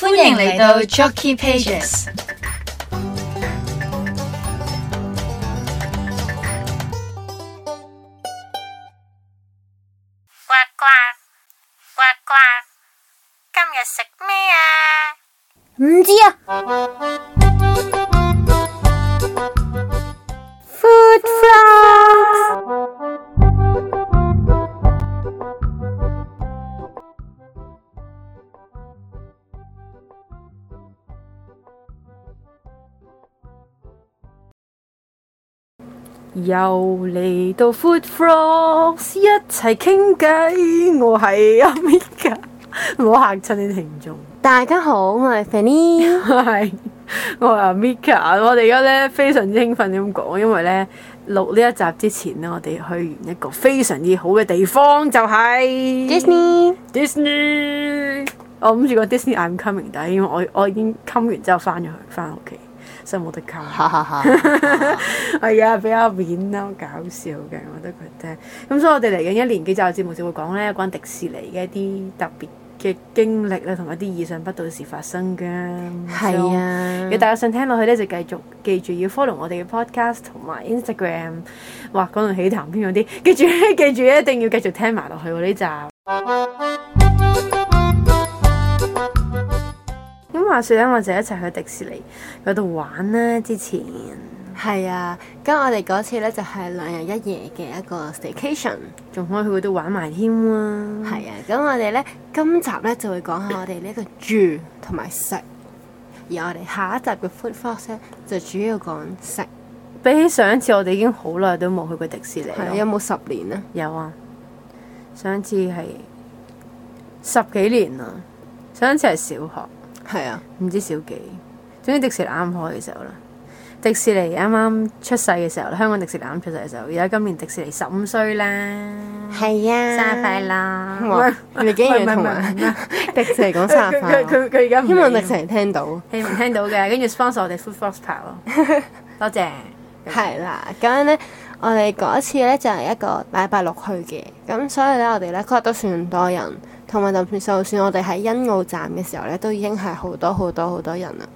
歡迎嚟到 Jockey Pages。呱呱呱呱，今日食咩啊？唔知啊。又嚟到 Food Frogs 一齊傾偈，我係 Amika，唔好吓親啲聽眾。大家好，我係 Fanny， 我係我係 Amika，我哋而家咧非常之興奮咁講，因為咧錄呢錄一集之前咧，我哋去完一個非常之好嘅地方，就係、是、Disney。Disney，我諗住個 Disney I'm coming，但係因為我我已經 come 完之後翻咗去，翻屋企。所以冇得溝，係啊、 哎，比較面啦，好搞笑嘅，我覺得佢聽。咁所以我哋嚟緊一年幾集嘅節目就會講咧，有關迪士尼嘅一啲特別嘅經歷啦，同埋啲意想不到事發生㗎。係 以啊，你大家想聽落去咧，就繼續記住要 follow 我哋嘅 podcast 同埋 Instagram，哇，講到喜談邊嗰啲，記住咧，記住一定要繼續聽埋落去喎呢集。話說咧，我就一齊去迪士尼嗰度玩啦。之前係啊，咁我哋嗰次咧就係兩日一夜嘅一個 staycation，仲可以去嗰度玩埋添啊。係啊，咁我哋咧今集咧就會講下我哋呢個住同埋食，而我哋下一集嘅 food facts 咧就主要講食。比起上一次，我哋已經好耐都冇去過迪士尼。有冇十年啊？有啊，上一次係十幾年啊。上一次係小學。係啊，唔知少幾。總之迪士尼啱開嘅時候啦，迪士尼啱啱出世嘅時候啦，香港迪士尼啱出世嘅時候，而家今年迪士尼十五歲啦。係啊，生日快樂！你竟然同迪士尼講生日快樂，希望迪士尼聽到，希望聽到嘅，跟住 sponsor 我哋 Foodbox 咯，多謝。係啦，咁樣咧。我哋嗰一次咧就係一個禮拜六去嘅，咁所以咧我哋咧嗰日都算多人，同埋就就算我哋喺欣澳站嘅時候咧，都已經係好多好多好多人啦。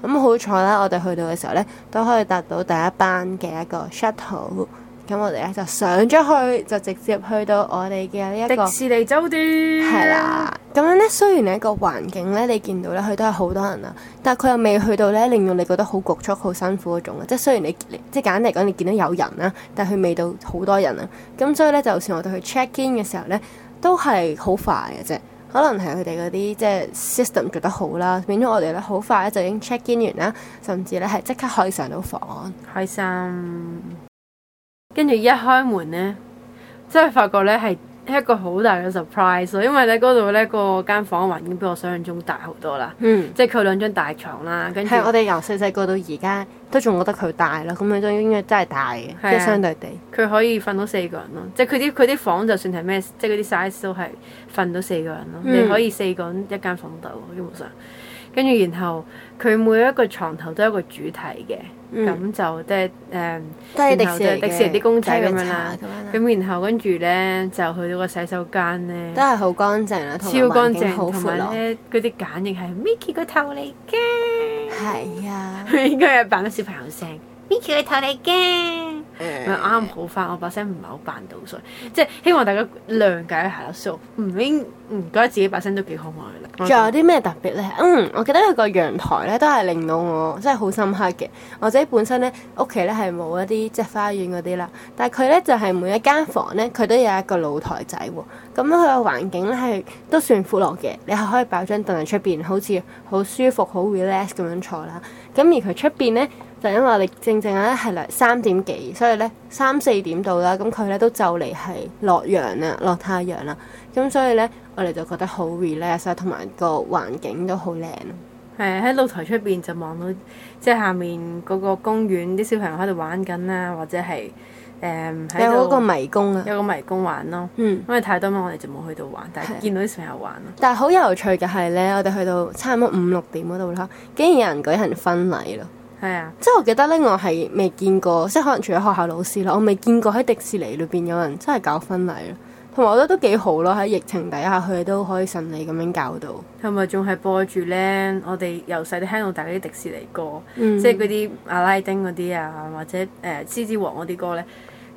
咁好彩啦，我哋去到嘅時候咧都可以搭到第一班嘅一個 shuttle。咁我哋咧就上咗去，就直接去到我哋嘅呢一個迪士尼酒店係啦。咁樣咧，雖然你一個環境咧，你見到咧佢都係好多人啊，但係佢又未去到咧，令到你覺得好局促，好辛苦嗰種。即係雖然你，你即係簡單嚟講，你見到有人啦，但係佢未到好多人啊。咁所以咧，就算我哋去 check in 嘅時候咧，都係好快嘅啫。可能係佢哋嗰啲即係 system 做得好啦，變咗我哋咧好快咧就已經 check in 完啦，甚至咧係即刻可以上到房，開心。跟住一開門呢，即係發覺呢係一個好大嘅 surprise 因為咧嗰度呢，個間房環境比我想象中大好多啦。嗯、即係佢兩張大床啦，跟住。我哋由細細個到而家，都仲覺得佢大咯。咁樣都應該真係大嘅，啊、即係相對地。佢可以瞓到四個人咯，即係佢啲佢啲房就算係咩，即係嗰啲 size 都係瞓到四個人咯。嗯、你可以四個人一間房度，基本上。跟住然後佢每一個床頭都有一個主題嘅，咁、嗯、就即係誒，然後就迪士尼啲公仔咁樣啦。咁然後跟住咧就去到個洗手間咧，都係好乾淨啦，超乾淨，同埋咧嗰啲簡直係 Mickey 個頭嚟嘅，係啊，佢 應該係扮啲小朋友聲，Mickey 個頭嚟嘅。啱啱、嗯、好翻，嗯、我把聲唔係好扮到，所以即係希望大家諒解啦，係啦，唔應唔覺得自己把聲都幾可愛啦。仲有啲咩特別咧？嗯，我記得佢個陽台咧都係令到我真係好深刻嘅。我自己本身咧屋企咧係冇一啲即係花園嗰啲啦，但係佢咧就係、是、每一間房咧佢都有一個露台仔喎。咁咧佢個環境咧係都算闊落嘅，你係可以擺張凳喺出邊，好似好舒服好 relax 咁樣坐啦。咁而佢出邊咧，就是、因為我哋正正咧係嚟三點幾，所以咧三四點到啦，咁佢咧都就嚟係落陽啦，落太陽啦，咁所以咧我哋就覺得好 relax 啊，同埋個環境都好靚。係喺露台出邊就望到即係下面嗰個公園啲小朋友喺度玩緊啦，或者係。誒、um, 有個迷宮啊，有個迷宮玩咯。嗯，因為太多乜，我哋就冇去到玩。但係見到啲小朋友玩咯。但係好有趣嘅係咧，我哋去到差唔多五六點嗰度啦，竟然有人舉行婚禮咯。係啊的，即係我記得咧，我係未見過，即係可能除咗學校老師啦，我未見過喺迪士尼裏邊有人真係搞婚禮咯。同埋我覺得都幾好咯，喺疫情底下佢哋都可以順利咁樣搞到。同埋仲係播住咧，我哋由細聽到大嗰啲迪士尼歌，嗯、即係嗰啲阿拉丁嗰啲啊，或者誒獅子王嗰啲歌咧。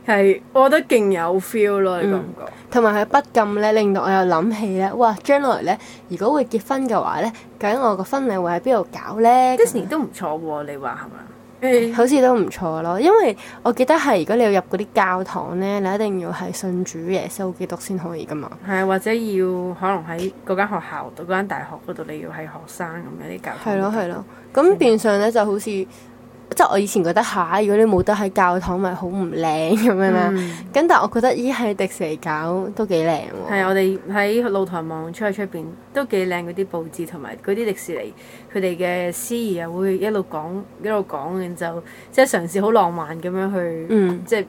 係，我覺得勁有 feel 咯，你覺唔覺？同埋係不禁咧，令到我又諗起咧，哇！將來咧，如果會結婚嘅話咧，究竟我個婚禮會喺邊度搞咧？迪士尼都唔錯喎，你話係咪啊？好似都唔錯咯，因為我記得係如果你要入嗰啲教堂咧，你一定要係信主耶穌基督先可以噶嘛。係啊，或者要可能喺嗰間學校到嗰間大學嗰度，你要係學生咁樣啲教堂。係咯係咯，咁了了變相咧就好似。即係我以前覺得嚇、啊，如果你冇得喺教堂咪好唔靚咁樣啦。咁、嗯、但係我覺得咦，喺迪士尼搞都幾靚喎。係我哋喺露台望出去出邊都幾靚嗰啲佈置，同埋嗰啲迪士尼佢哋嘅司儀啊會一路講一路講，然後就即係嘗試好浪漫咁樣去，嗯、即係。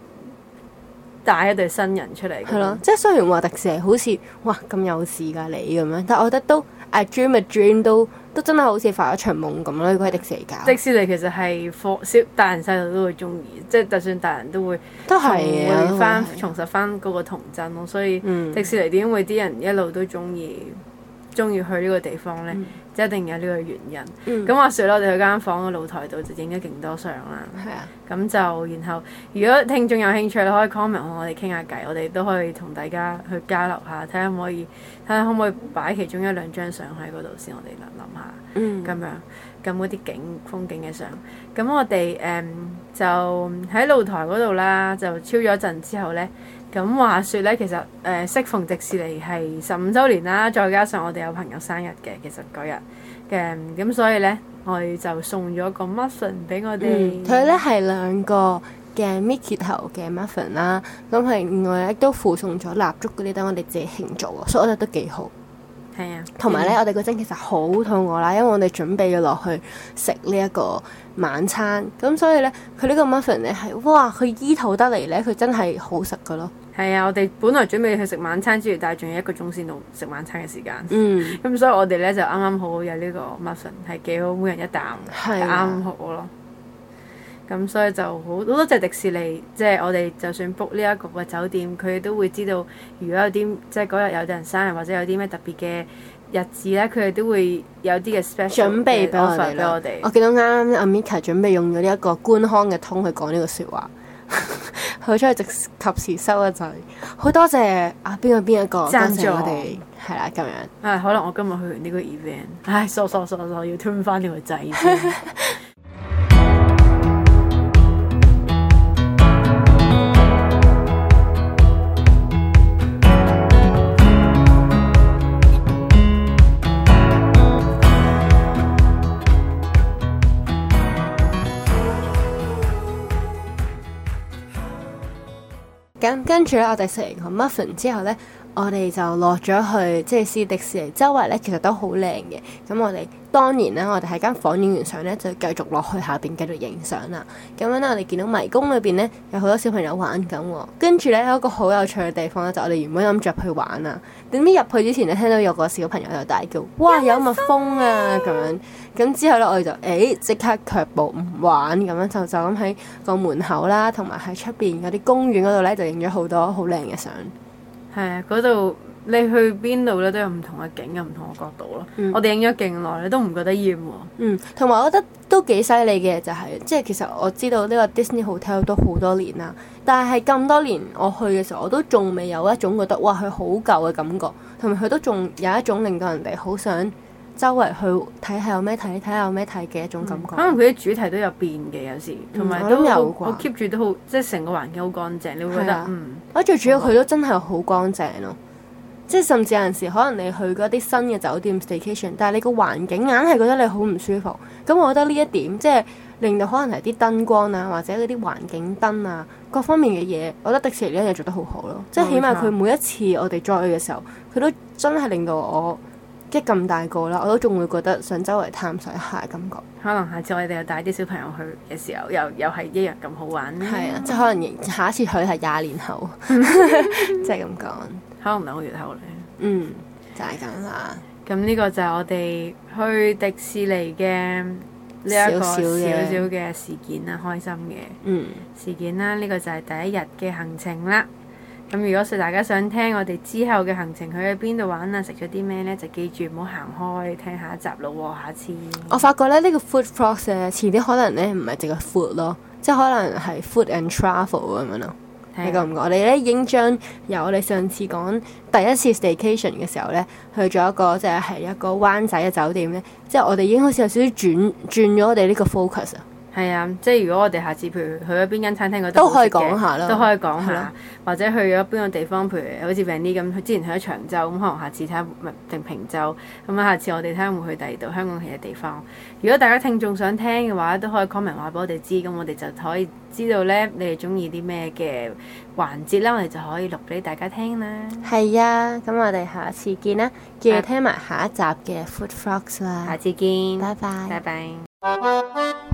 帶一對新人出嚟。係咯，即係雖然話迪士尼好似哇咁有事㗎、啊、你咁樣，但係我覺得都誒 dream a dream 都都真係好似發咗一場夢咁咯，如果係迪士尼搞。迪士尼其實係放小大人細路都會中意，即係就算大人都會重會翻重拾翻嗰個童真咯。所以迪、嗯、士尼點會啲人一路都中意。中意去呢個地方呢，就、嗯、一定有呢個原因。咁阿雪咧，我哋去間房嘅露台度就影咗勁多相啦。咁就然後，如果聽眾有興趣，你可以 comment 我哋傾下偈，我哋都可以同大家去交流下，睇下可以，睇下可唔可以擺其中一兩張相喺嗰度先，我哋諗諗下。咁、嗯、樣咁嗰啲景風景嘅相。咁我哋誒、嗯、就喺露台嗰度啦，就超咗一陣之後呢。咁話說咧，其實誒、欸，適逢迪士尼係十五週年啦，再加上我哋有朋友生日嘅，其實嗰日嘅咁，所以咧我哋就送咗個 muffin 俾我哋。佢咧係兩個嘅 Mickey 頭嘅 muffin 啦，咁係另外咧都附送咗蠟燭嗰啲，等我哋自己慶祝，所以我覺得都幾好。係啊，同埋咧，嗯、我哋嗰陣其實好肚餓啦，因為我哋準備咗落去食呢一個晚餐，咁所以咧，佢呢個 muffin 咧係哇，佢醫肚得嚟咧，佢真係好食噶咯。係啊，我哋本來準備去食晚餐之餘，但係仲有一個鐘先到食晚餐嘅時間。嗯，咁、嗯、所以我哋咧就啱啱好有呢個 muffin，係幾好，每人一啖，係啱好咯。咁所以就好好多謝迪士尼，即係我哋就算 book 呢一個嘅酒店，佢哋都會知道如果有啲即係嗰日有啲人生日或者有啲咩特別嘅日子咧，佢哋都會有啲嘅 special、er、準備俾我哋。我哋。我見到啱啱阿 Mika 準備用咗呢一個官腔嘅通去講呢個説話， 佢出去即及時收一嘴。好多謝啊邊個邊一個，多謝我哋。係啦壯，咁樣。誒、啊，可能我今日去完呢個 event，唉，索索索索，要吞 u 翻呢個仔。先。跟住咧，我哋食完個 muffin 之後咧，我哋就落咗去，即係試迪士尼周圍咧，其實都好靚嘅。咁我哋～當然咧，我哋喺間房影完相咧，就繼續落去下邊繼續影相啦。咁樣咧，我哋見到迷宮裏邊咧有好多小朋友玩緊喎。跟住咧有一個好有趣嘅地方咧，就是、我哋原本諗著入去玩啦，點知入去之前咧聽到有個小朋友喺度大叫：哇！有蜜蜂啊！咁樣。咁之後咧，我哋就誒即刻卻步唔玩咁樣就，就就咁喺個門口啦，同埋喺出邊嗰啲公園嗰度咧，就影咗好多好靚嘅相。係啊，嗰度。你去邊度咧都有唔同嘅景，有唔同嘅角度咯。嗯、我哋影咗勁耐，你都唔覺得厭喎、啊。嗯，同埋我覺得都幾犀利嘅就係、是，即係其實我知道呢個 Disney Hotel 都好多年啦，但係咁多年我去嘅時候，我都仲未有一種覺得哇佢好舊嘅感覺，同埋佢都仲有一種令到人哋好想周圍去睇下有咩睇，睇下有咩睇嘅一種感覺。嗯、可能佢啲主題都有變嘅，有時同埋、嗯、都好 keep 住都好，即係成個環境好乾淨，你會覺得、啊、嗯。我最主要佢、嗯嗯、都真係好乾淨咯。即係甚至有陣時，可能你去過一啲新嘅酒店 staycation，但係你個環境硬係覺得你好唔舒服。咁我覺得呢一點即係令到可能係啲燈光啊，或者嗰啲環境燈啊，各方面嘅嘢，我覺得迪士尼呢樣嘢做得好好咯。即係起碼佢每一次我哋再去嘅時候，佢都真係令到我即咁大個啦，我都仲會覺得想周圍探索一下感覺。可能下次我哋又帶啲小朋友去嘅時候，又又係一樣咁好玩咧。係啊，即係可能下一次去係廿年後，即係咁講。可能兩個月後咧，嗯，就係咁啦。咁呢個就係我哋去迪士尼嘅呢一個少少嘅事件啦，開心嘅，嗯，事件啦。呢個就係第一日嘅行程啦。咁如果說大家想聽我哋之後嘅行程去去邊度玩啊，食咗啲咩呢？就記住唔好行開，聽下一集咯啊。下次我發覺咧，呢個 food process，遲啲可能呢，唔係淨係 food 咯，即係可能係 food and travel 咁樣咯。你覺唔覺？ 我哋咧已經將由我哋上次講第一次 staycation 嘅時候咧，去咗一個，即係係一個灣仔嘅酒店咧，即係我哋已經好似有少少轉轉咗我哋呢個 focus 啊！係啊，即係、嗯、如果我哋下次，譬如去咗邊間餐廳嗰度都可以講下啦，都可以講下，嗯、或者去咗邊個地方，譬如好似 Vinny 咁，佢之前去咗長洲，咁可能下次睇下定平洲，咁啊，嗯、下次我哋睇下有去第二度香港其他地方。如果大家聽眾想聽嘅話，都可以 comment 話俾我哋知，咁我哋就可以知道咧，你哋中意啲咩嘅環節啦，我哋就可以錄俾大家聽啦。係啊，咁我哋下次見啦，記得聽埋下一集嘅 Food Fox 啦，下次見，拜拜，拜拜。